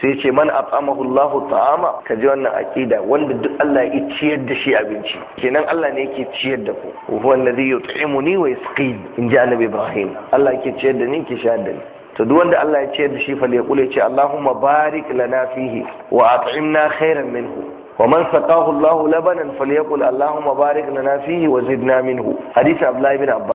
sai ce man at'amahu Allahu ta'ama ka ji wannan aqida wanda duk Allah ya ciyar da shi abinci kenan Allah ne yake ciyar da ku huwa alladhi yut'imuni wa yasqin in ji annabi Ibrahim Allah yake ciyar da ni ke shayar da ni to duk wanda Allah ya ciyar da shi fa ya kule ce Allahumma barik lana fihi wa at'imna khairan minhu ومن سقاه الله لبنا فليقل اللهم بارك لنا فيه وزدنا منه حديث عبد الله بن عباس